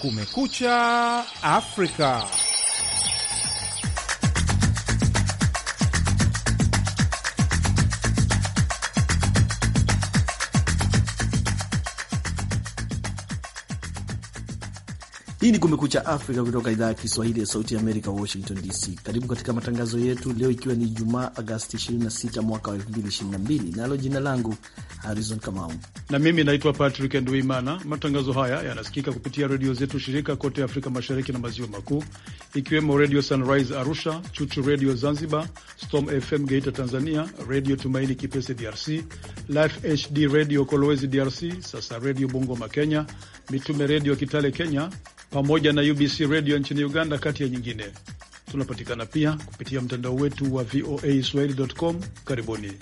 Kumekucha Afrika. Hii ni Kumekucha Afrika kutoka idhaa ya Kiswahili ya Sauti Amerika, Washington DC. Karibu katika matangazo yetu leo, ikiwa ni Jumaa Agasti 26 mwaka wa 2022, nalo jina langu Harizon Kamau na mimi naitwa Patrick Nduimana. Matangazo haya yanasikika kupitia redio zetu shirika kote Afrika Mashariki na Maziwa Makuu, ikiwemo Redio Sunrise Arusha, Chuchu Redio Zanzibar, Storm FM Geita Tanzania, Redio Tumaini Kipese DRC, Life HD Redio Kolwezi DRC, sasa Redio Bungoma Kenya, Mitume Redio Kitale Kenya, pamoja na UBC Radio nchini Uganda, kati ya nyingine. Tunapatikana pia kupitia mtandao wetu wa VOA swahili.com. Karibuni.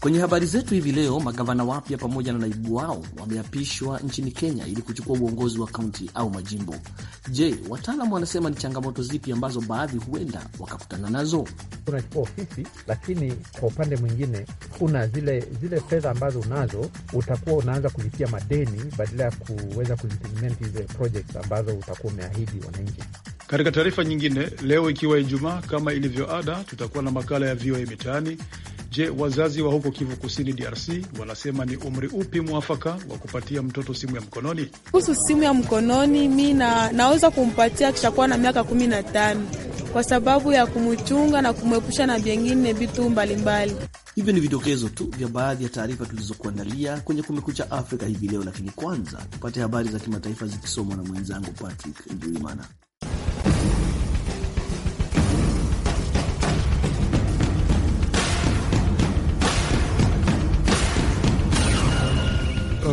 Kwenye habari zetu hivi leo, magavana wapya pamoja na naibu wao wameapishwa nchini Kenya ili kuchukua uongozi wa kaunti au majimbo. Je, wataalamu wanasema ni changamoto zipi ambazo baadhi huenda wakakutana nazo? Unachukua ofisi, lakini kwa upande mwingine kuna zile zile fedha ambazo unazo, utakuwa unaanza kulipia madeni badala ya kuweza kuzimplement zile projects ambazo utakuwa umeahidi wananchi. Katika taarifa nyingine leo, ikiwa Ijumaa, kama ilivyo ada, tutakuwa na makala ya VOA Mitaani Je, wazazi wa huko Kivu Kusini, DRC, wanasema ni umri upi mwafaka wa kupatia mtoto simu ya mkononi? Kuhusu simu ya mkononi, mi naweza kumpatia akishakuwa na miaka kumi na tano kwa sababu ya kumchunga na kumwepusha na vyengine vitu mbalimbali. Hivyo ni vidokezo tu vya baadhi ya taarifa tulizokuandalia kwenye Kumekucha Afrika hivi leo, lakini kwanza tupate habari za kimataifa zikisomwa na mwenzangu Patrick Nduimana.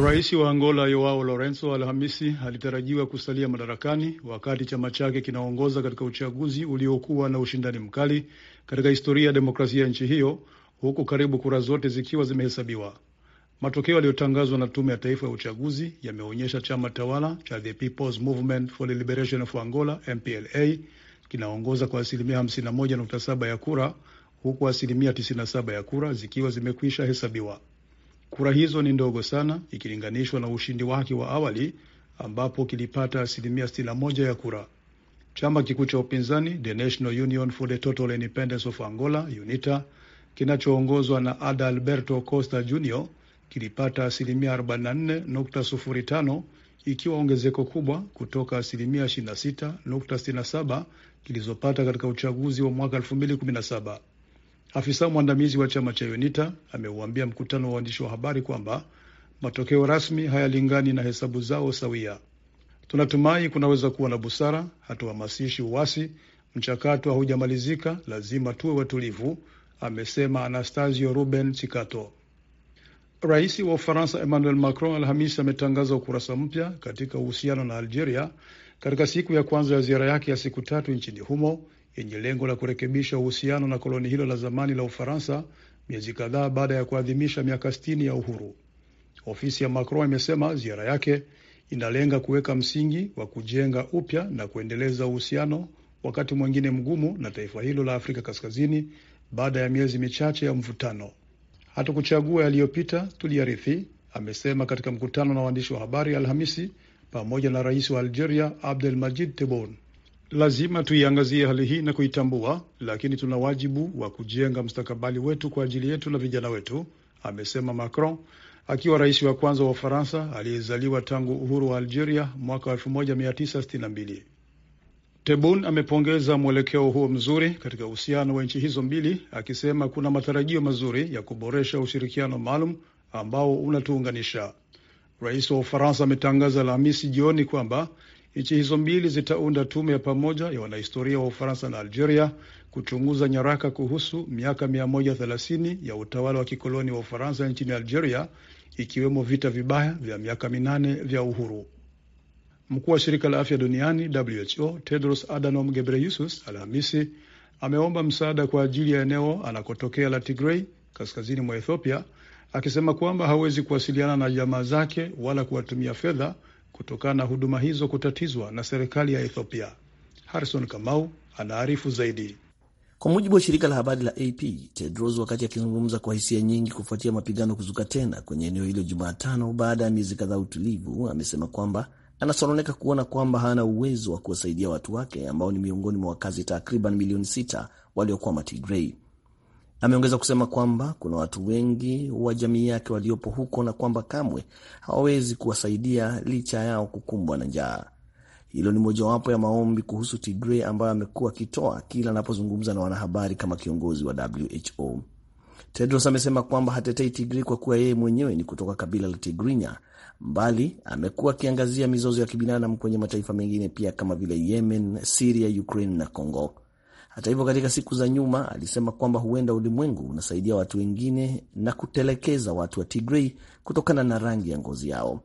Rais wa Angola yoao Lorenzo Alhamisi alitarajiwa kusalia madarakani wakati chama chake kinaongoza katika uchaguzi uliokuwa na ushindani mkali katika historia ya demokrasia ya nchi hiyo, huku karibu kura zote zikiwa zimehesabiwa. Matokeo yaliyotangazwa na Tume ya Taifa ya Uchaguzi yameonyesha chama tawala cha The People's Movement for the Liberation of Angola MPLA kinaongoza kwa asilimia 51.7 ya kura huku asilimia 97 ya kura zikiwa zimekwisha hesabiwa. Kura hizo ni ndogo sana ikilinganishwa na ushindi wake wa awali ambapo kilipata asilimia 61 ya kura. Chama kikuu cha upinzani The National Union for the Total Independence of Angola, UNITA, kinachoongozwa na alberto Costa Jr. kilipata asilimia 44.05 ikiwa ongezeko kubwa kutoka asilimia 26.67 kilizopata katika uchaguzi wa mwaka 2017. Afisa mwandamizi wa chama cha UNITA ameuambia mkutano wa waandishi wa habari kwamba matokeo rasmi hayalingani na hesabu zao sawia. Tunatumai kunaweza kuwa na busara, hatuhamasishi uasi, mchakato haujamalizika, lazima tuwe watulivu, amesema Anastasio Ruben Chikato. Rais wa Ufaransa Emmanuel Macron Alhamisi ametangaza ukurasa mpya katika uhusiano na Algeria katika siku ya kwanza ya ziara yake ya siku tatu nchini humo yenye lengo la kurekebisha uhusiano na koloni hilo la zamani la Ufaransa miezi kadhaa baada ya kuadhimisha miaka 60 ya uhuru. Ofisi ya Macron imesema ziara yake inalenga kuweka msingi wa kujenga upya na kuendeleza uhusiano, wakati mwingine mgumu, na taifa hilo la Afrika Kaskazini baada ya miezi michache ya mvutano. Hatukuchagua yaliyopita, tuliyarithi, amesema katika mkutano na waandishi wa habari Alhamisi pamoja na rais wa Algeria Abdel Majid Tebboune. Lazima tuiangazie hali hii na kuitambua, lakini tuna wajibu wa kujenga mustakabali wetu kwa ajili yetu na vijana wetu, amesema Macron akiwa rais wa kwanza wa Ufaransa aliyezaliwa tangu uhuru wa Algeria mwaka 1962. Tebun amepongeza mwelekeo huo mzuri katika uhusiano wa nchi hizo mbili, akisema kuna matarajio mazuri ya kuboresha ushirikiano maalum ambao unatuunganisha. Rais wa Ufaransa ametangaza Alhamisi jioni kwamba Nchi hizo mbili zitaunda tume ya pamoja ya wanahistoria wa Ufaransa na Algeria kuchunguza nyaraka kuhusu miaka 130 ya utawala wa kikoloni wa Ufaransa nchini Algeria, ikiwemo vita vibaya vya miaka minane vya uhuru. Mkuu wa shirika la afya duniani WHO Tedros Adhanom Ghebreyesus Alhamisi ameomba msaada kwa ajili ya eneo anakotokea la Tigray kaskazini mwa Ethiopia, akisema kwamba hawezi kuwasiliana na jamaa zake wala kuwatumia fedha kutokana na huduma hizo kutatizwa na serikali ya Ethiopia. Harrison Kamau anaarifu zaidi. Kwa mujibu wa shirika la habari la AP, Tedros wakati akizungumza kwa hisia nyingi kufuatia mapigano kuzuka tena kwenye eneo hilo Jumatano baada ya miezi kadhaa utulivu, amesema kwamba anasononeka kuona kwamba hana uwezo wa kuwasaidia watu wake ambao ni miongoni mwa wakazi takriban milioni sita waliokwama Tigrei. Ameongeza kusema kwamba kuna watu wengi wa jamii yake waliopo huko na kwamba kamwe hawawezi kuwasaidia licha yao kukumbwa na njaa. Hilo ni mojawapo ya maombi kuhusu Tigray ambayo amekuwa akitoa kila anapozungumza na wanahabari kama kiongozi wa WHO. Tedros amesema kwamba hatetei Tigray kwa kuwa yeye mwenyewe ni kutoka kabila la Tigrinya, mbali amekuwa akiangazia mizozo ya kibinadamu kwenye mataifa mengine pia kama vile Yemen, Siria, Ukraine na Congo. Hata hivyo, katika siku za nyuma alisema kwamba huenda ulimwengu unasaidia watu wengine na kutelekeza watu wa Tigrei kutokana na rangi ya ngozi yao.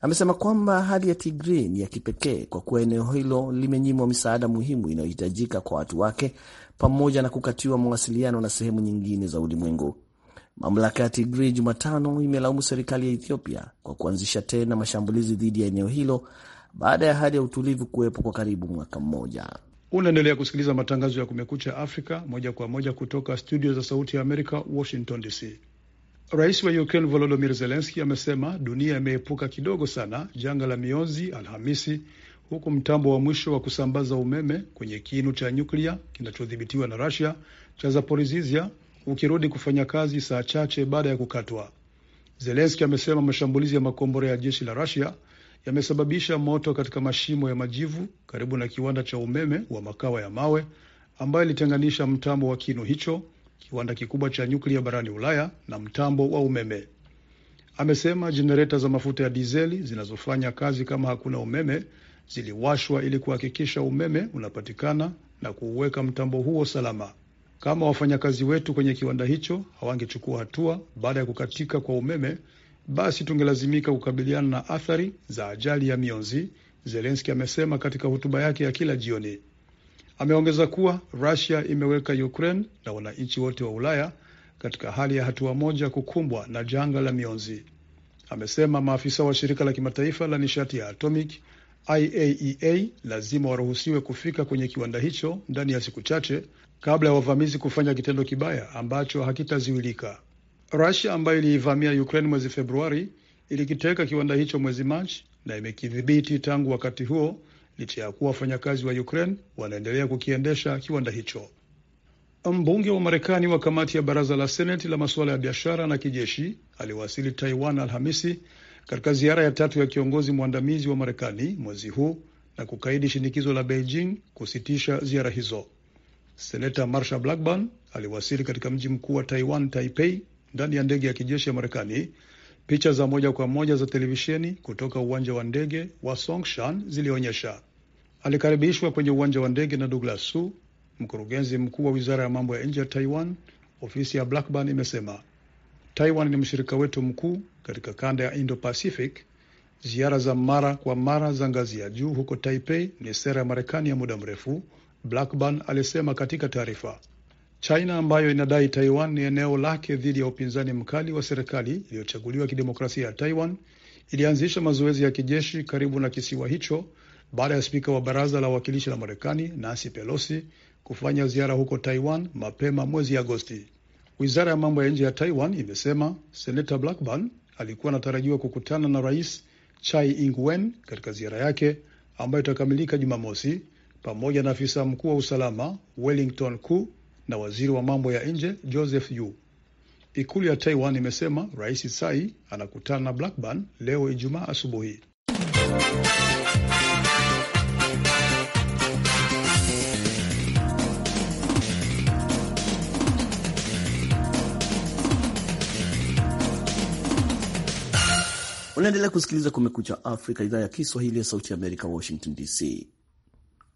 Amesema kwamba hali ya Tigrei ni ya kipekee kwa kuwa eneo hilo limenyimwa misaada muhimu inayohitajika kwa watu wake pamoja na kukatiwa mawasiliano na sehemu nyingine za ulimwengu. Mamlaka ya Tigrei Jumatano imelaumu serikali ya Ethiopia kwa kuanzisha tena mashambulizi dhidi ya eneo hilo baada ya hali ya utulivu kuwepo kwa karibu mwaka mmoja. Unaendelea kusikiliza matangazo ya Kumekucha Afrika moja kwa moja kutoka studio za Sauti ya Amerika, Washington DC. Rais wa Ukraine Volodymyr zelenski amesema dunia imeepuka kidogo sana janga la mionzi Alhamisi, huku mtambo wa mwisho wa kusambaza umeme kwenye kinu cha nyuklia kinachodhibitiwa na rasia cha Zaporizhzhia ukirudi kufanya kazi saa chache baada ya kukatwa. Zelenski amesema mashambulizi ya makombora ya jeshi la rasia yamesababisha moto katika mashimo ya majivu karibu na kiwanda cha umeme wa makawa ya mawe ambayo ilitenganisha mtambo wa kinu hicho, kiwanda kikubwa cha nyuklia barani Ulaya, na mtambo wa umeme. Amesema jenereta za mafuta ya dizeli zinazofanya kazi kama hakuna umeme ziliwashwa ili kuhakikisha umeme unapatikana na kuuweka mtambo huo salama. Kama wafanyakazi wetu kwenye kiwanda hicho hawangechukua hatua baada ya kukatika kwa umeme, basi tungelazimika kukabiliana na athari za ajali ya mionzi, Zelenski amesema katika hotuba yake ya kila jioni. Ameongeza kuwa Rusia imeweka Ukraine na wananchi wote wa Ulaya katika hali ya hatua moja kukumbwa na janga la mionzi. Amesema maafisa wa shirika la kimataifa la nishati ya atomic IAEA e lazima waruhusiwe kufika kwenye kiwanda hicho ndani ya siku chache kabla ya wavamizi kufanya kitendo kibaya ambacho hakitaziwilika Rusia ambayo iliivamia Ukraine mwezi Februari ilikiteka kiwanda hicho mwezi Machi na imekidhibiti tangu wakati huo, licha ya kuwa wafanyakazi wa Ukraine wanaendelea kukiendesha kiwanda hicho. Mbunge wa Marekani wa kamati ya baraza la Seneti la masuala ya biashara na kijeshi aliwasili Taiwan Alhamisi katika ziara ya tatu ya kiongozi mwandamizi wa Marekani mwezi huu na kukaidi shinikizo la Beijing kusitisha ziara hizo. Seneta Marsha Blackburn aliwasili katika mji mkuu wa Taiwan, Taipei, ndani ya ndege ya kijeshi ya Marekani. Picha za moja kwa moja za televisheni kutoka uwanja wa ndege wa Songshan zilionyesha alikaribishwa kwenye uwanja wa ndege na Douglas Su, mkurugenzi mkuu wa wizara ya mambo ya nje ya Taiwan. Ofisi ya Blackburn imesema Taiwan ni mshirika wetu mkuu katika kanda ya Indo Pacific. Ziara za mara kwa mara za ngazi ya juu huko Taipei ni sera ya Marekani ya muda mrefu, Blackburn alisema katika taarifa. China ambayo inadai Taiwan ni eneo lake dhidi ya upinzani mkali wa serikali iliyochaguliwa kidemokrasia ya Taiwan ilianzisha mazoezi ya kijeshi karibu na kisiwa hicho baada ya spika wa baraza la wawakilishi la Marekani Nancy Pelosi kufanya ziara huko Taiwan mapema mwezi Agosti. Wizara ya mambo ya nje ya Taiwan imesema senata Blackburn alikuwa anatarajiwa kukutana na rais Chai Ing-wen katika ziara yake ambayo itakamilika Jumamosi, pamoja na afisa mkuu wa usalama Wellington Koo na waziri wa mambo ya nje Joseph Yu. Ikulu ya Taiwan imesema Rais Tsai anakutana na Blackburn leo Ijumaa asubuhi. Unaendelea kusikiliza Kumekucha Afrika, idhaa ya Kiswahili ya Sauti ya Amerika, Washington DC.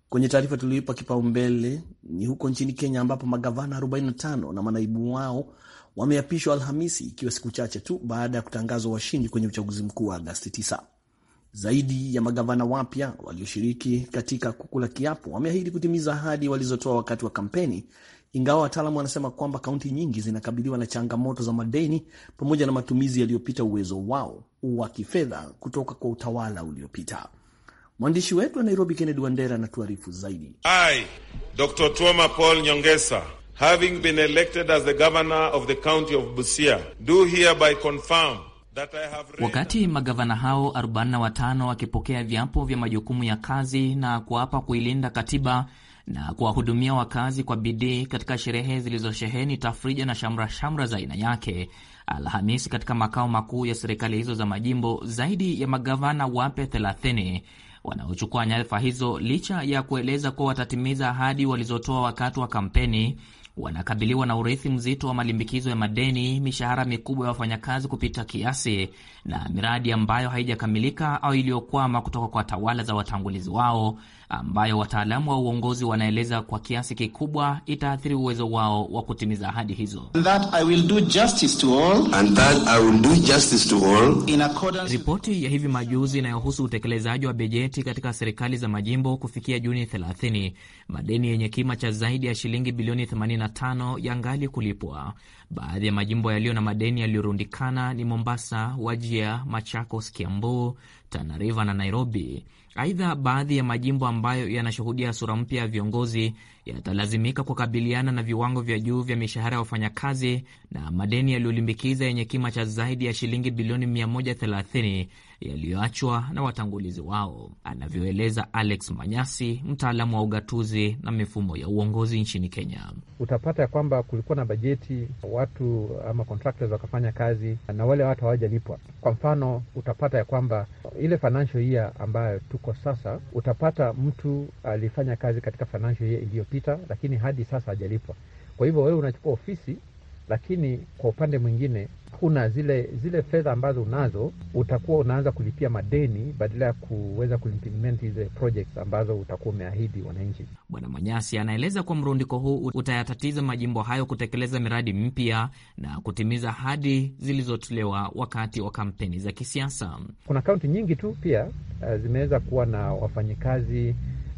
Kwenye taarifa tulioipa kipaumbele ni huko nchini Kenya, ambapo magavana 45 na manaibu wao wameapishwa Alhamisi, ikiwa siku chache tu baada ya kutangazwa washindi kwenye uchaguzi mkuu wa Agasti 9. Zaidi ya magavana wapya walioshiriki katika kukula kiapo wameahidi kutimiza ahadi walizotoa wakati wa kampeni, ingawa wataalamu wanasema kwamba kaunti nyingi zinakabiliwa na changamoto za madeni pamoja na matumizi yaliyopita uwezo wao wa kifedha kutoka kwa utawala uliopita. Mwandishi wetu wa Nairobi, Kennedy Wandera, anatuarifu zaidi. I, Dr. Tuoma Paul Nyongesa having been elected as the governor of the county of Busia do hereby confirm Wakati magavana hao 45 wakipokea viapo vya majukumu ya kazi na kuapa kuilinda katiba na kuwahudumia wakazi kwa bidii katika sherehe zilizosheheni tafrija na shamra shamra za aina yake Alhamisi katika makao makuu ya serikali hizo za majimbo, zaidi ya magavana wape wanaochukua nyadhifa hizo, licha ya kueleza kuwa watatimiza ahadi walizotoa wakati wa kampeni, wanakabiliwa na urithi mzito wa malimbikizo ya madeni, mishahara mikubwa ya wafanyakazi kupita kiasi, na miradi ambayo haijakamilika au iliyokwama kutoka kwa tawala za watangulizi wao ambayo wataalamu wa uongozi wanaeleza kwa kiasi kikubwa itaathiri uwezo wao wa kutimiza ahadi hizo. Ripoti ya hivi majuzi inayohusu utekelezaji wa bajeti katika serikali za majimbo kufikia Juni 30, madeni yenye kima cha zaidi ya shilingi bilioni 85 yangali kulipwa. Baadhi ya majimbo yaliyo na madeni yaliyorundikana ni Mombasa, Wajia, Machakos, Kiambu, Tana River na Nairobi. Aidha, baadhi ya majimbo ambayo yanashuhudia sura mpya ya viongozi yatalazimika kukabiliana na viwango vya juu vya mishahara ya wafanyakazi na madeni yaliyolimbikiza yenye kima cha zaidi ya shilingi bilioni 130 yaliyoachwa na watangulizi wao, anavyoeleza Alex Manyasi, mtaalamu wa ugatuzi na mifumo ya uongozi nchini Kenya. Utapata ya kwamba kulikuwa na bajeti, watu ama contractors wakafanya kazi na wale watu hawajalipwa. Kwa mfano, utapata ya kwamba ile financial year ambayo tuko sasa, utapata mtu alifanya kazi katika financial year iliyopita, lakini hadi sasa hajalipwa. Kwa hivyo wewe unachukua ofisi lakini kwa upande mwingine una zile zile fedha ambazo unazo utakuwa unaanza kulipia madeni badala ya kuweza kuimplement hizo projects ambazo utakuwa umeahidi wananchi. Bwana Manyasi anaeleza kuwa mrundiko huu utayatatiza majimbo hayo kutekeleza miradi mpya na kutimiza ahadi zilizotolewa wakati wa kampeni za kisiasa. Kuna kaunti nyingi tu pia eh, zimeweza kuwa na wafanyikazi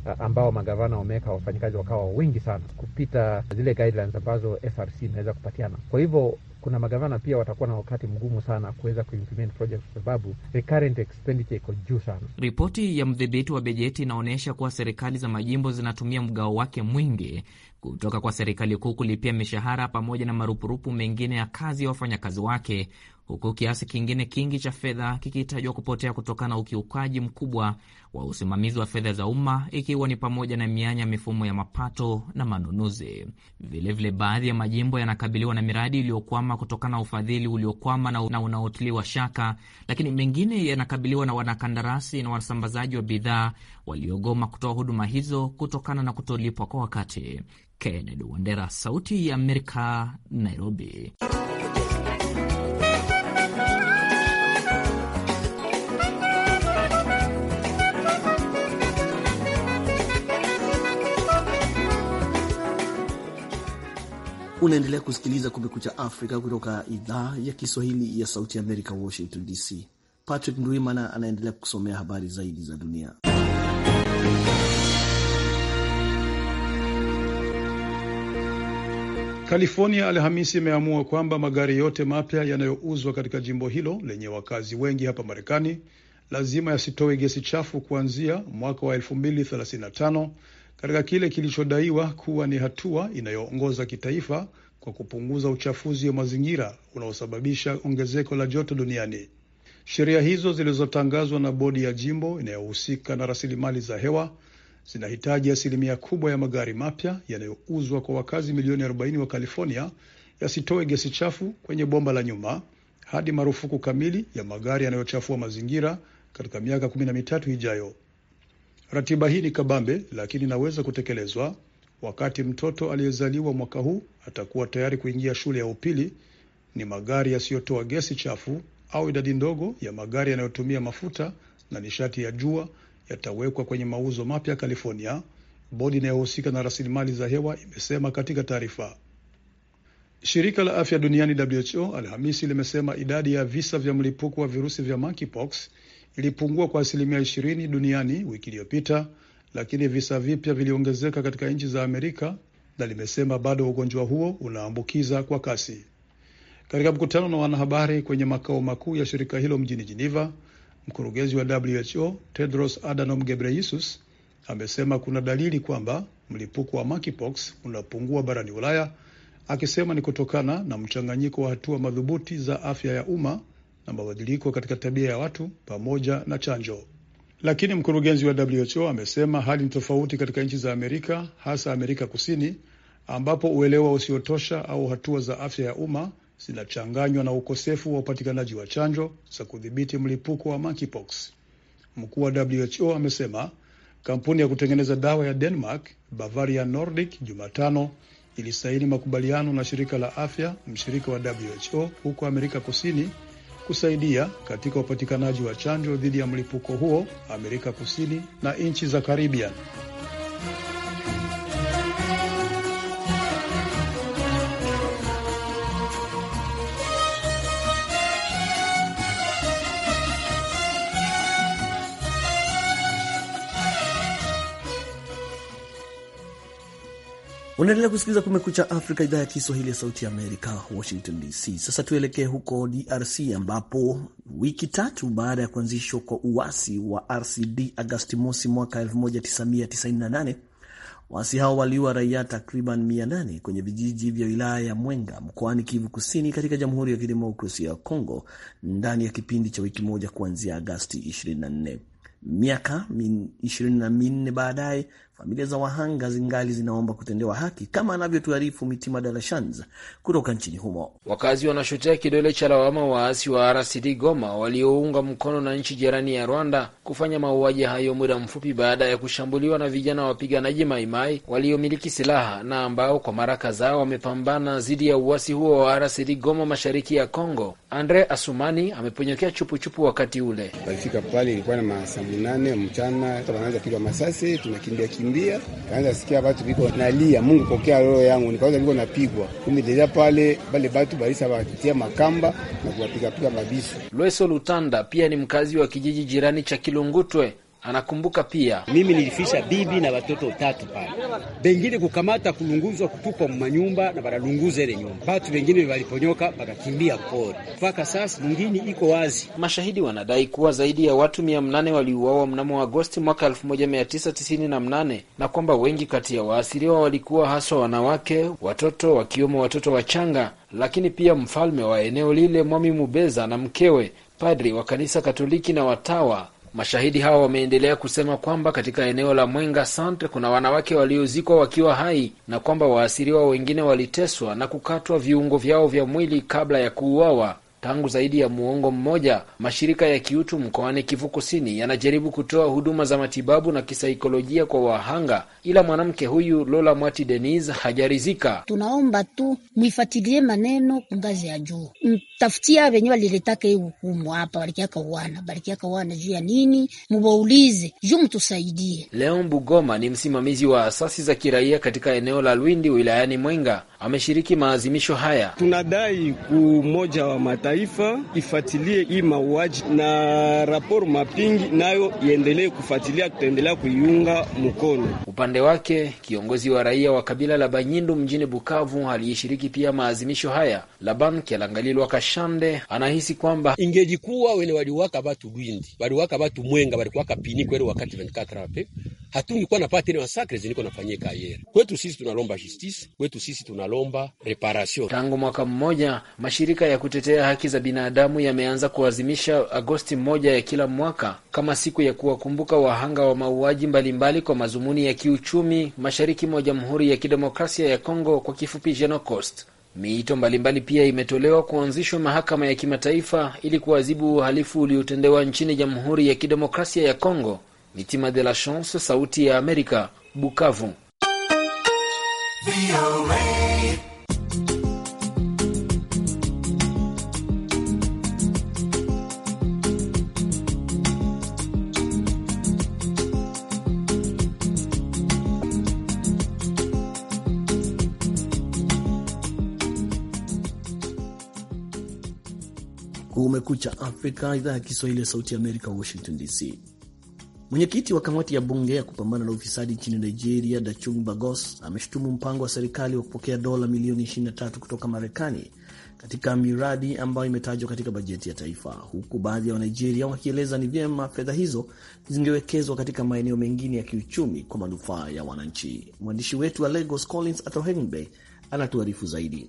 Eh, ambao magavana wameweka wafanyakazi wakawa wengi sana kupita zile guidelines ambazo SRC inaweza kupatiana. Kwa hivyo kuna magavana pia watakuwa na wakati mgumu sana kuweza kuimplement project kwa sababu recurrent expenditure iko juu sana. Ripoti ya mdhibiti wa bajeti inaonyesha kuwa serikali za majimbo zinatumia mgao wake mwingi kutoka kwa serikali kuu kulipia mishahara pamoja na marupurupu mengine ya kazi ya wafanyakazi wake huku kiasi kingine kingi cha fedha kikitajwa kupotea kutokana na ukiukaji mkubwa wa usimamizi wa fedha za umma, ikiwa ni pamoja na mianya ya mifumo ya mapato na manunuzi. Vilevile, baadhi ya majimbo yanakabiliwa na miradi iliyokwama kutokana na ufadhili uliokwama na unaotiliwa shaka, lakini mengine yanakabiliwa na wanakandarasi na wasambazaji wa bidhaa waliogoma kutoa huduma hizo kutokana na kutolipwa kwa wakati. Kennedy Wandera, Sauti ya Amerika, Nairobi. Unaendelea kusikiliza Kumekucha Afrika kutoka idhaa ya Kiswahili ya Sauti ya Amerika, Washington DC. Patrick Ndwimana anaendelea kusomea habari zaidi za dunia. California Alhamisi imeamua kwamba magari yote mapya yanayouzwa katika jimbo hilo lenye wakazi wengi hapa Marekani lazima yasitoe gesi chafu kuanzia mwaka wa katika kile kilichodaiwa kuwa ni hatua inayoongoza kitaifa kwa kupunguza uchafuzi wa mazingira unaosababisha ongezeko la joto duniani. Sheria hizo zilizotangazwa na bodi ya jimbo inayohusika na rasilimali za hewa zinahitaji asilimia kubwa ya magari mapya yanayouzwa kwa wakazi milioni 40 wa California yasitoe gesi chafu kwenye bomba la nyuma hadi marufuku kamili ya magari yanayochafua mazingira katika miaka kumi na mitatu ijayo. Ratiba hii ni kabambe, lakini inaweza kutekelezwa wakati mtoto aliyezaliwa mwaka huu atakuwa tayari kuingia shule ya upili. Ni magari yasiyotoa gesi chafu au idadi ndogo ya magari yanayotumia mafuta na nishati ya jua yatawekwa kwenye mauzo mapya California, bodi inayohusika na rasilimali za hewa imesema katika taarifa. Shirika la afya duniani WHO Alhamisi limesema idadi ya visa vya mlipuko wa virusi vya monkeypox ilipungua kwa asilimia ishirini duniani wiki iliyopita, lakini visa vipya viliongezeka katika nchi za Amerika na limesema bado ugonjwa huo unaambukiza kwa kasi. Katika mkutano na wanahabari kwenye makao makuu ya shirika hilo mjini Geneva, mkurugenzi wa WHO Tedros Adhanom Ghebreyesus amesema kuna dalili kwamba mlipuko wa monkeypox unapungua barani Ulaya, akisema ni kutokana na mchanganyiko wa hatua madhubuti za afya ya umma na mabadiliko katika tabia ya watu pamoja na chanjo. Lakini mkurugenzi wa WHO amesema hali ni tofauti katika nchi za Amerika, hasa Amerika Kusini, ambapo uelewa usiotosha au hatua za afya ya umma zinachanganywa na ukosefu wa upatikanaji wa chanjo za kudhibiti mlipuko wa monkeypox. Mkuu wa WHO amesema kampuni ya kutengeneza dawa ya Denmark Bavaria Nordic Jumatano ilisaini makubaliano na shirika la afya mshirika wa WHO huko Amerika Kusini kusaidia katika upatikanaji wa chanjo dhidi ya mlipuko huo Amerika Kusini na nchi za Karibian. Unaendelea kusikiliza Kumekucha Afrika, idhaa ya Kiswahili ya Sauti ya Amerika, Washington DC. Sasa tuelekee huko DRC ambapo wiki tatu baada ya kuanzishwa kwa uasi wa RCD Agasti mosi mwaka 1998 waasi hao waliua raia takriban 800 kwenye vijiji vya wilaya ya Mwenga mkoani Kivu Kusini katika Jamhuri ya Kidemokrasia ya congo ndani ya kipindi cha wiki moja kuanzia Agasti 24. Miaka 24 baadaye Familia za wahanga zingali zinaomba kutendewa haki, kama anavyotuarifu Mitima Dalashans kutoka nchini humo. Wakazi wanashotea kidole cha lawama waasi wa RCD Goma waliounga mkono na nchi jirani ya Rwanda kufanya mauaji hayo muda mfupi baada ya kushambuliwa na vijana wapiganaji Maimai waliomiliki silaha na ambao kwa mara kadhaa wamepambana dhidi ya uasi huo wa RCD Goma mashariki ya congo Andre Asumani ameponyokea chupuchupu wakati ule walifika pale, ilikuwa na mchana, wanaanza piga masasi, tunakimbia kukimbia, kaanza sikia watu viko nalia, Mungu pokea roho yangu, nikaanza viko napigwa kumbe, pale pale bale batu balisa batia makamba na kuwapigapiga mabisu. Lweso Lutanda pia ni mkazi wa kijiji jirani cha Kilungutwe Anakumbuka pia, mimi nilifisha bibi na watoto tatu pale, bengine kukamata kulunguzwa kutupwa manyumba na banalunguza ile nyumba, batu bengine waliponyoka bakakimbia pori. Mpaka sasa mwingine iko wazi. Mashahidi wanadai kuwa zaidi ya watu mia mnane waliuawa mnamo Agosti mwaka 1998 na, na kwamba wengi kati ya waasiriwa walikuwa haswa wanawake, watoto wakiwemo watoto wachanga. Lakini pia mfalme wa eneo lile Mwami Mubeza na mkewe padri wa kanisa Katoliki na watawa Mashahidi hao wameendelea kusema kwamba katika eneo la Mwenga Centre kuna wanawake waliozikwa wakiwa hai na kwamba waasiriwa wengine waliteswa na kukatwa viungo vyao vya mwili kabla ya kuuawa Tangu zaidi ya muongo mmoja, mashirika ya kiutu mkoani Kivu Kusini yanajaribu kutoa huduma za matibabu na kisaikolojia kwa wahanga, ila mwanamke huyu Lola Mwati Denise hajarizika. Tunaomba tu mwifatilie maneno ngazi ya juu, mtafutia venye waliletaka hii hukumu hapa, walikiaka wana balikiaka wana juu ya nini, mubaulize juu mtusaidie. Leon Bugoma ni msimamizi wa asasi za kiraia katika eneo la Lwindi wilayani Mwenga ameshiriki maazimisho haya. Tunadai Umoja wa Mataifa ifuatilie hii mauaji na raporo mapingi nayo iendelee kufuatilia, tutaendelea kuiunga mkono. Upande wake kiongozi wa raia wa kabila la Banyindu mjini Bukavu aliyeshiriki pia maazimisho haya, Laban Kialangalilwa Kashande, anahisi kwamba ingejikuwa wene waliwaka batu bwindi waliwaka batu mwenga walikuwaka pini kweli wakati 24 pe hatunikuwa napata tena masakre zeniko nafanyika ayer. kwetu. Sisi tunalomba justice kwetu, sisi tunalomba reparation. Tangu mwaka mmoja, mashirika ya kutetea haki za binadamu yameanza kuazimisha Agosti moja ya kila mwaka kama siku ya kuwakumbuka wahanga wa mauaji mbalimbali kwa mazumuni ya kiuchumi mashariki mwa Jamhuri ya Kidemokrasia ya Kongo, kwa kifupi Genocost. Miito mbalimbali pia imetolewa kuanzishwa mahakama ya kimataifa ili kuadhibu uhalifu uliotendewa nchini Jamhuri ya Kidemokrasia ya Kongo Mitima de la Chance, Sauti ya Amerika, Bukavu. Kumekucha Afrika, idhaa ya Kiswahili ya Sauti ya Amerika, Washington DC. Mwenyekiti wa kamati ya bunge ya kupambana na ufisadi nchini Nigeria, Dachung Bagos, ameshutumu mpango wa serikali wa kupokea dola milioni 23 kutoka Marekani katika miradi ambayo imetajwa katika bajeti ya taifa, huku baadhi ya Wanigeria wakieleza ni vyema fedha hizo zingewekezwa katika maeneo mengine ya kiuchumi kwa manufaa ya wananchi. Mwandishi wetu wa Lagos, Collins atohenbey anatuarifu zaidi.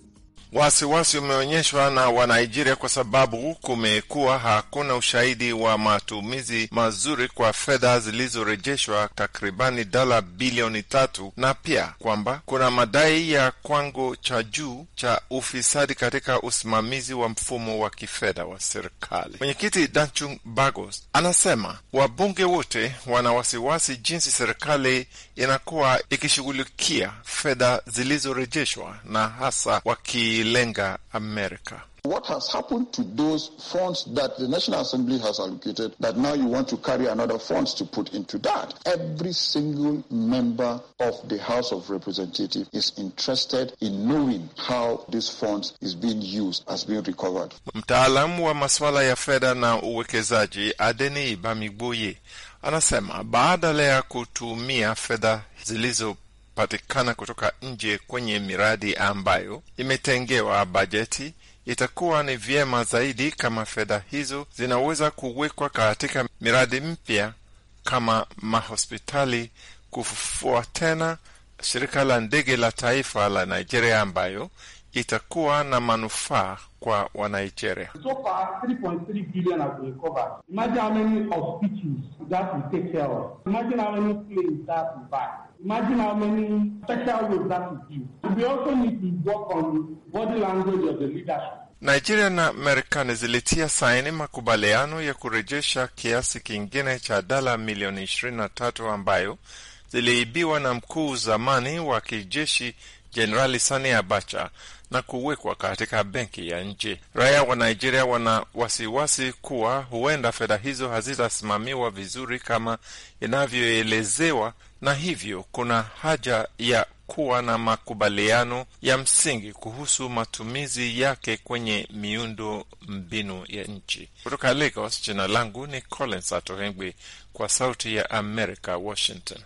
Wasiwasi umeonyeshwa na Wanaijeria kwa sababu kumekuwa hakuna ushahidi wa matumizi mazuri kwa fedha zilizorejeshwa takribani dola bilioni tatu, na pia kwamba kuna madai ya kiwango cha juu cha ufisadi katika usimamizi wa mfumo wa kifedha wa serikali. Mwenyekiti Danchung Bagos anasema wabunge wote wana wasiwasi jinsi serikali inakuwa ikishughulikia fedha zilizorejeshwa na hasa waki kuilenga Amerika. What has happened to those funds that the National Assembly has allocated that now you want to carry another funds to put into that? Every single member of the House of Representatives is interested in knowing how this funds is being used, has been recovered. Mtaalamu wa masuala ya fedha na uwekezaji Adeni Bamigboye anasema baada ya kutumia fedha zilizo kupatikana kutoka nje kwenye miradi ambayo imetengewa bajeti, itakuwa ni vyema zaidi kama fedha hizo zinaweza kuwekwa katika miradi mpya kama mahospitali, kufufua tena shirika la ndege la taifa la Nigeria ambayo itakuwa na manufaa kwa Wanigeria. So far, 3.3 billion been covered. Imagine how many hospitals that take care of. Imagine how many planes that buy. Imagine how many special roads that build. We also need to work on body language of the leadership. Nigeria na Marekani zilitia saini makubaliano ya kurejesha kiasi kingine cha dola milioni 23 ambayo ziliibiwa na mkuu zamani wa kijeshi Jenerali Sani Abacha na kuwekwa katika benki ya nchi. Raia wa Nigeria wana wasiwasi kuwa huenda fedha hizo hazitasimamiwa vizuri kama inavyoelezewa, na hivyo kuna haja ya kuwa na makubaliano ya msingi kuhusu matumizi yake kwenye miundo mbinu ya nchi. Kutoka Lagos, jina langu ni Collins Atohengwi, kwa Sauti ya America, Washington.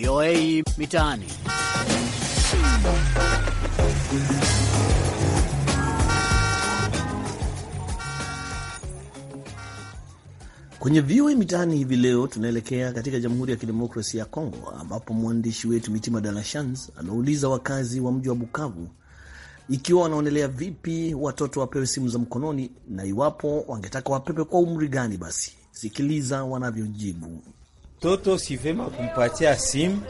VOA Mitaani. Kwenye VOA Mitaani hivi leo tunaelekea katika Jamhuri ya Kidemokrasia ya Kongo, ambapo mwandishi wetu Mitima Dalashans ameuliza wakazi wa mji wa Bukavu ikiwa wanaonelea vipi watoto wapewe simu za mkononi na iwapo wangetaka wapepe kwa umri gani. Basi sikiliza wanavyojibu mtoto si vema kumpatia simu,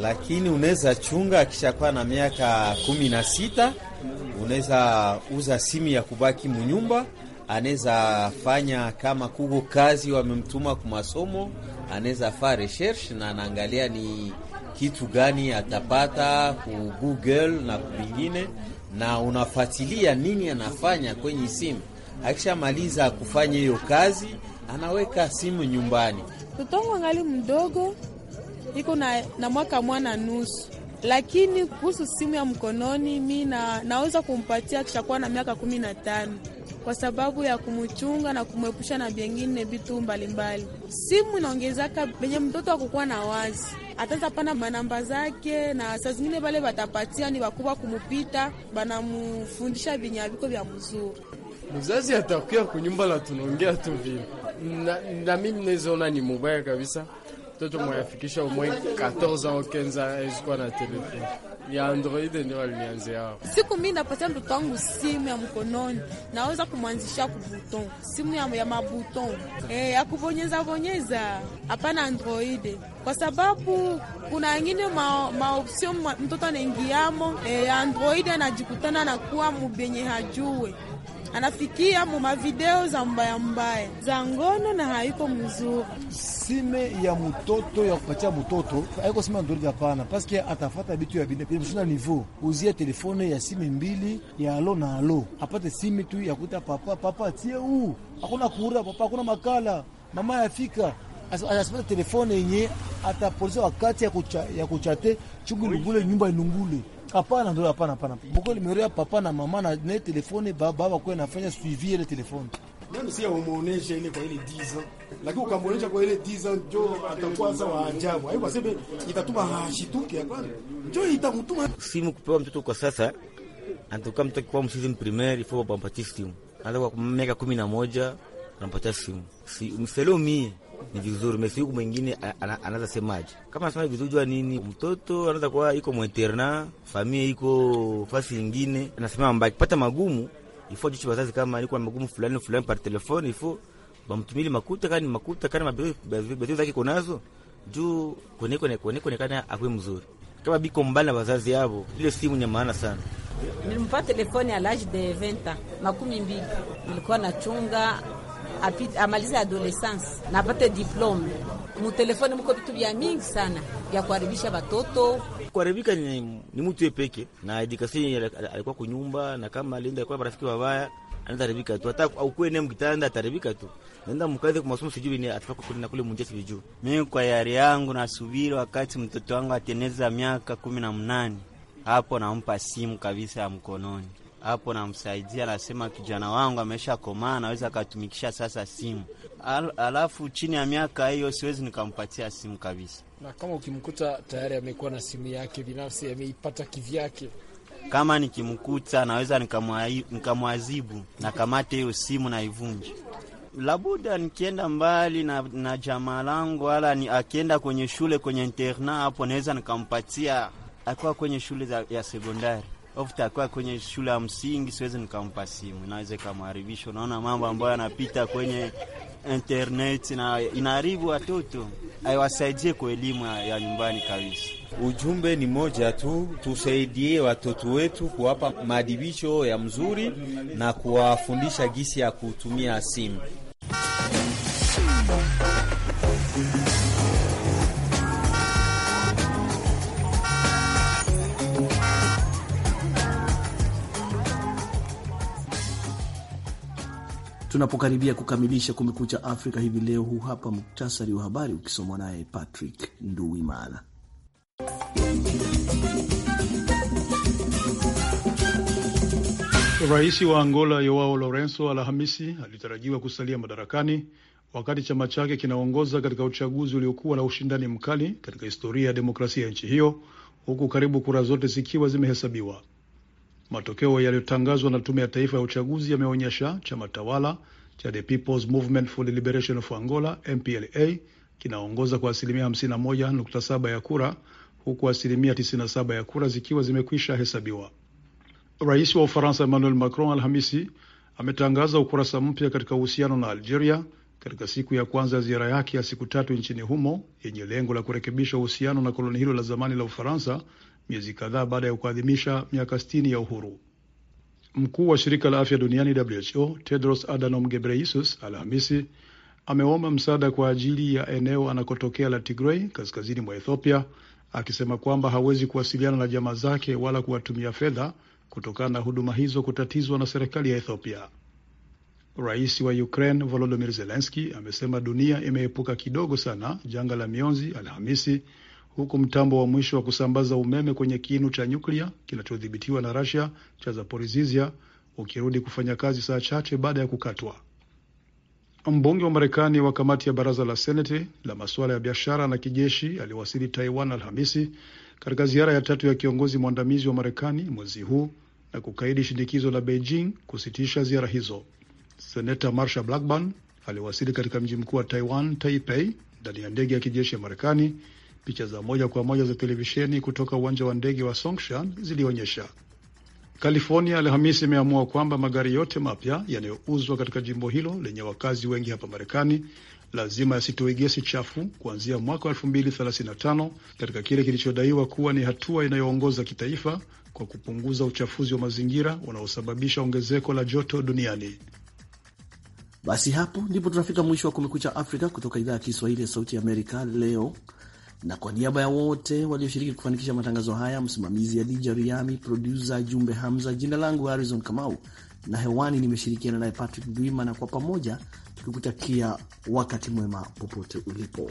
lakini unaweza chunga akishakuwa na miaka kumi na sita unaweza uza simu ya kubaki munyumba. Anaweza fanya kama kuko kazi wamemtuma kwa masomo, anaweza faa research na anaangalia ni kitu gani atapata ku Google na vingine, na unafuatilia nini anafanya kwenye simu akishamaliza kufanya hiyo kazi anaweka simu nyumbani. Tutongo angali mdogo iko na, na mwaka mwana nusu, lakini kuhusu simu ya mkononi mi na, naweza kumpatia akishakuwa na miaka kumi na tano kwa sababu ya kumchunga na kumwepusha na vyengine vitu mbalimbali. Simu inaongezaka venye mtoto akukuwa na wazi, ataza pana manamba zake, na saa zingine vale watapatia ni wakubwa kumupita, banamufundisha vinyaviko vya mzuri mzazi atakuya kunyumba la tunaongea tu vile na, na mimi naezaona ni mubaya kabisa mtoto mwayafikisha umwe 14 au 15 ezikuwa na telefoni ya Android ndio alinianzia hapo. Siku mimi napata mtoto wangu simu ya mkononi, naweza kumwanzisha button, simu ya, ya mabuton eh, ya kubonyeza bonyeza, hapana Android, kwa sababu kuna wengine ma, ma mtoto anaingiamo eh, Android anajikutana na kuwa mubenye hajue anafikia mumavideo za mbaya mbaya za ngono na haiko mzuri. Sime ya mtoto ya kupatia mtoto haiko sime nzuri, hapana, paske atafata bitu ya bidepsuna niveau uzie telefone ya sime mbili ya alo na alo, apate sime tu ya kuta papa papa tie u hakuna kura papa, hakuna makala mama yafika anasipata telefone yenye atapolisa wakati ya kuchate chungu lungule nyumba ilungule Hapana, ndio hapana, hapana. Buko limeria papa na mama na ne telefone baba baba kwa nafanya suivi ile telefone. Nani sio umuonesha ile kwa ile 10 ans. Lakini ukamuonesha kwa ile 10 ans jo atakuwa sawa ajabu. Hayo wasebe itatuma hashituke hapana. Jo itamtuma. Simu kupewa mtoto kwa sasa. Anatoka mtoto kwa msizi primary fo baba mpatie simu. Anataka kwa miaka 11 anampatia simu. Si mselomi ni vizuri mesi huku mwingine anaweza semaje? Kama anasema vizuri, jua nini, mtoto anaweza kuwa iko mwinterna, familia iko fasi ingine, anasema mbaki pata magumu ifo jicho wazazi, kama alikuwa magumu fulani fulani par telefoni, ifo bamtumili makuta kani makuta kani mabezo zake konazo juu kuonekana kuonekana akwe mzuri, kama biko mbali na wazazi yao, ile simu nya maana sana. Nilimpata telefoni a l'age de 20 ans, makumi mbili, nilikuwa nachunga apite, amalize adolescence na apate diplome. Mutelefone muko vitu vya mingi sana vya kuharibisha watoto. Kuharibika ni, ni mtu yepeke na edukasion alikuwa kunyumba, na kama alienda kwa marafiki wabaya anataribika tu, hata au nem mkitanda ataribika tu, nenda mkaze kwa masomo sijui ni atafaka kule na kule munje sijui. Mimi kwa yari yangu nasubiri wakati mtoto wangu ateneza miaka kumi na mnane, hapo nampa simu kabisa ya mkononi hapo namsaidia, anasema kijana wangu amesha komaa, naweza akatumikisha sasa simu Al, alafu chini ya miaka hiyo siwezi nikampatia simu kabisa, na kama ukimkuta tayari amekuwa na simu yake binafsi ameipata kivyake kama nikimkuta naweza nikamwazibu na kamate hiyo simu na ivunje. Labuda nikienda mbali na, na jamaa langu wala ni, akienda kwenye shule kwenye interna, hapo naweza nikampatia, akiwa kwenye shule ya sekondari ofta akiwa kwenye shule ya msingi, siwezi nikampa simu, inaweza ikamharibisha. Unaona mambo ambayo yanapita kwenye internet na inaharibu watoto, aiwasaidie kwa elimu ya nyumbani kabisa. Ujumbe ni moja tu, tusaidie watoto wetu kuwapa maadibisho ya mzuri na kuwafundisha gisi ya kutumia simu. tunapokaribia kukamilisha Kumekucha Afrika hivi leo, huu hapa muktasari wa habari ukisomwa naye Patrick Nduwimana. Rais wa Angola Yoao lorenso Alhamisi alitarajiwa kusalia madarakani wakati chama chake kinaongoza katika uchaguzi uliokuwa na ushindani mkali katika historia ya demokrasia ya nchi hiyo, huku karibu kura zote zikiwa zimehesabiwa. Matokeo yaliyotangazwa na Tume ya Taifa ya Uchaguzi yameonyesha chama tawala cha The People's Movement for the Liberation of Angola MPLA kinaongoza kwa asilimia 51.7 ya kura huku asilimia 97 ya kura zikiwa zimekwisha hesabiwa. Rais wa Ufaransa Emmanuel Macron Alhamisi ametangaza ukurasa mpya katika uhusiano na Algeria katika siku ya kwanza ya ziara yake ya siku tatu nchini humo yenye lengo la kurekebisha uhusiano na koloni hilo la zamani la Ufaransa miezi kadhaa baada ya kuadhimisha miaka 60 ya uhuru. Mkuu wa shirika la afya duniani WHO Tedros Adhanom Ghebreyesus Alhamisi ameomba msaada kwa ajili ya eneo anakotokea la Tigray kaskazini mwa Ethiopia, akisema kwamba hawezi kuwasiliana na jamaa zake wala kuwatumia fedha kutokana na huduma hizo kutatizwa na serikali ya Ethiopia. Rais wa Ukraine Volodymyr Zelensky amesema dunia imeepuka kidogo sana janga la mionzi Alhamisi huku mtambo wa mwisho wa kusambaza umeme kwenye kinu cha nyuklia kinachodhibitiwa na Russia cha Zaporizhzhia ukirudi kufanya kazi saa chache baada ya kukatwa. Mbunge wa Marekani wa kamati ya baraza la Seneti la masuala ya biashara na kijeshi aliwasili Taiwan Alhamisi katika ziara ya tatu ya kiongozi mwandamizi wa Marekani mwezi huu na kukaidi shinikizo la Beijing kusitisha ziara hizo. Senata Marsha Blackburn aliwasili katika mji mkuu wa Taiwan, Taipei, ndani ya ndege ya kijeshi ya Marekani Picha za moja kwa moja za televisheni kutoka uwanja wa ndege wa Songshan zilionyesha. California Alhamisi imeamua kwamba magari yote mapya yanayouzwa katika jimbo hilo lenye wakazi wengi hapa Marekani lazima yasitoe gesi chafu kuanzia mwaka 2035 katika kile kilichodaiwa kuwa ni hatua inayoongoza kitaifa kwa kupunguza uchafuzi wa mazingira unaosababisha ongezeko la joto duniani. Basi hapo ndipo tunafika mwisho wa Kumekucha Afrika kutoka idhaa ya Kiswahili ya Sauti ya Amerika leo na kwa niaba ya wote walioshiriki kufanikisha matangazo haya, msimamizi Adija Riami, produsa Jumbe Hamza, jina langu Harrison Kamau na hewani nimeshirikiana naye Patrick Dwima, na kwa pamoja tukikutakia wakati mwema popote ulipo.